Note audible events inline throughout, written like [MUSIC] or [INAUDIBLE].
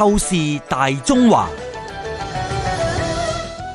透視大中華，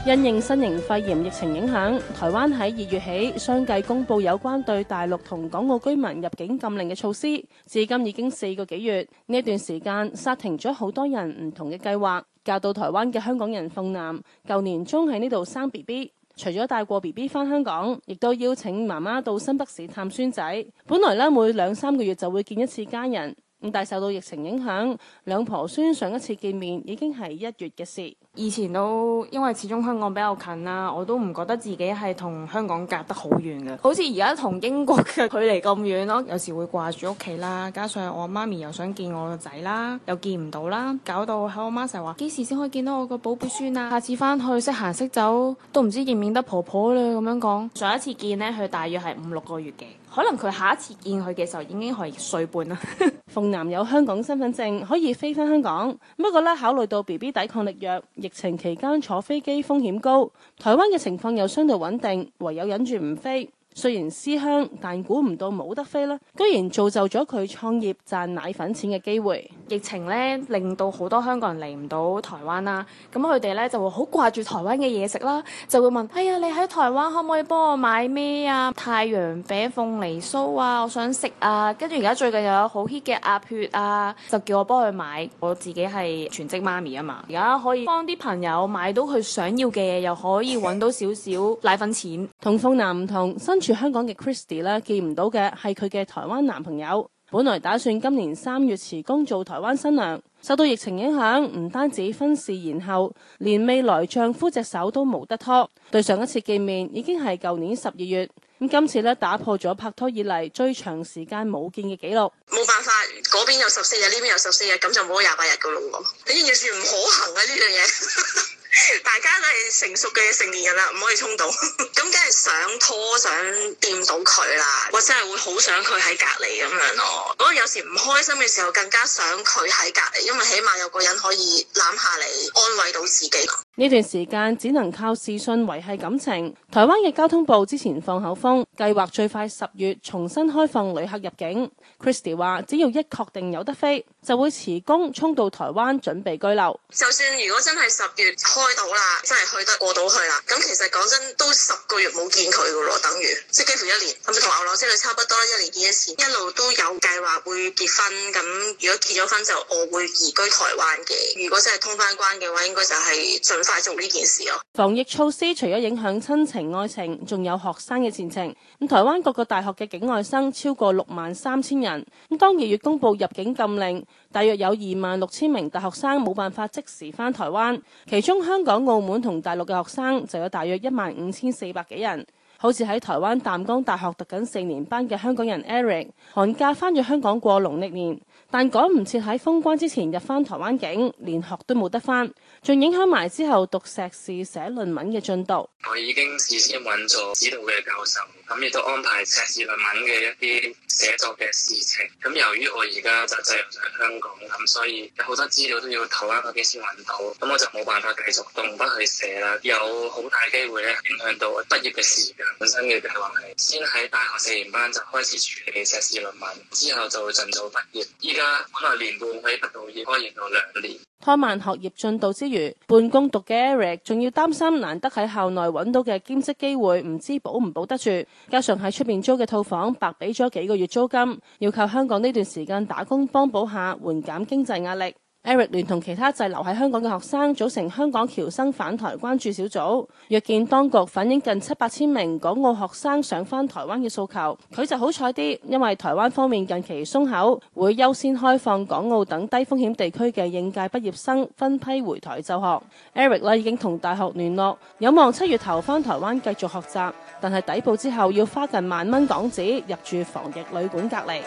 因應新型肺炎疫情影響，台灣喺二月起相繼公布有關對大陸同港澳居民入境禁令嘅措施，至今已經四個幾月。呢段時間，煞停咗好多人唔同嘅計劃。嫁到台灣嘅香港人鳳南，舊年中喺呢度生 B B，除咗帶過 B B 返香港，亦都邀請媽媽到新北市探孫仔。本來呢，每兩三個月就會見一次家人。咁但受到疫情影響，兩婆孫上一次見面已經係一月嘅事。以前都因為始終香港比較近啦，我都唔覺得自己係同香港隔得好遠嘅。好似而家同英國嘅距離咁遠咯，有時會掛住屋企啦。加上我媽咪又想見我個仔啦，又見唔到啦，搞到喺我媽成日話幾時先可以見到我個寶貝孫啊？下次翻去識行識走，都唔知見唔見得婆婆咧咁樣講。上一次見呢，佢大約係五六個月嘅，可能佢下一次見佢嘅時候已經係歲半啦。 [LAUGHS] 鳳南有香港身份證可以飛返香港，不過呢考慮到 B B 抵抗力弱，疫情期間坐飛機風險高，台灣嘅情況又相對穩定，唯有忍住唔飛。雖然思鄉，但估唔到冇得飛啦，居然造就咗佢創業賺奶粉錢嘅機會。疫情咧令到好多香港人嚟唔到台灣啦、啊，咁佢哋咧就會好掛住台灣嘅嘢食啦，就會問：哎呀，你喺台灣可唔可以幫我買咩啊？太陽餅、鳳梨酥啊，我想食啊！跟住而家最近又有好 heat 嘅鴨血啊，就叫我幫佢買。我自己係全職媽咪啊嘛，而家可以幫啲朋友買到佢想要嘅嘢，又可以揾到少少奶粉錢。同鳳男唔同，身處香港嘅 Christy 啦，見唔到嘅係佢嘅台灣男朋友。本來打算今年三月辭工做台灣新娘，受到疫情影響，唔單止婚事延後，連未來丈夫隻手都冇得拖。對上一次見面已經係舊年十二月，咁今次咧打破咗拍拖以嚟最長時間冇見嘅紀錄。冇辦法，嗰邊有十四日，呢邊有十四日，咁就冇咗廿八日嘅咯。呢樣嘢完全唔可行啊！呢樣嘢。 [LAUGHS] [LAUGHS] 大家都係成熟嘅成年人啦，唔可以衝動。咁梗係想拖想掂到佢啦。我真係會好想佢喺隔離咁樣咯。我有時唔開心嘅時候更加想佢喺隔離，因為起碼有個人可以攬下你，安慰到自己。呢段時間只能靠視訊維繫感情。台灣嘅交通部之前放口風，計劃最快十月重新開放旅客入境。Christy 話：只要一確定有得飛，就會辭工衝到台灣準備居留。就算如果真係十月開到啦，真係去得過到去啦，咁其實講真都十個月冇見佢噶咯，等於即幾乎一年，咁就同牛郎織女差不多一年見一次？一路都有計劃會結婚。咁如果結咗婚就我會移居台灣嘅。如果真係通翻關嘅話，應該就係呢防疫措施除咗影響親情愛情，仲有學生嘅前程。咁台灣各個大學嘅境外生超過六萬三千人。咁當二月公布入境禁令，大約有二萬六千名大學生冇辦法即時返台灣，其中香港、澳門同大陸嘅學生就有大約一萬五千四百幾人。好似喺台灣淡江大學讀緊四年班嘅香港人 Eric，寒假翻咗香港過農曆年，但趕唔切喺封關之前入翻台灣境，連學都冇得翻，仲影響埋之後讀碩士寫論文嘅進度。我已經事先揾咗指導嘅教授，咁亦都安排碩士論文嘅一啲寫作嘅事情。咁由於我而家就滯留喺香港，咁所以有好多資料都要唞翻嗰邊先揾到，咁我就冇辦法繼續動筆去寫啦，有好大機會咧影響到畢業嘅時間。本身嘅計劃係先喺大學四年班就開始處理碩士論文，之後就會盡早畢業。依家可能年半可以畢業，應該兩年。拖慢學業進度之餘，半工讀嘅 Eric 仲要擔心難得喺校內揾到嘅兼職機會唔知保唔保得住，加上喺出邊租嘅套房白俾咗幾個月租金，要靠香港呢段時間打工幫補下，緩減經濟壓力。Eric 聯同其他滯留喺香港嘅學生組成香港僑生返台關注小組，約見當局反映近七八千名港澳學生想返台灣嘅訴求。佢就好彩啲，因為台灣方面近期鬆口，會優先開放港澳等低風險地區嘅應屆畢業生分批回台就學。Eric 咧已經同大學聯絡，有望七月頭返台灣繼續學習，但係抵埗之後要花近萬蚊港紙入住防疫旅館隔離。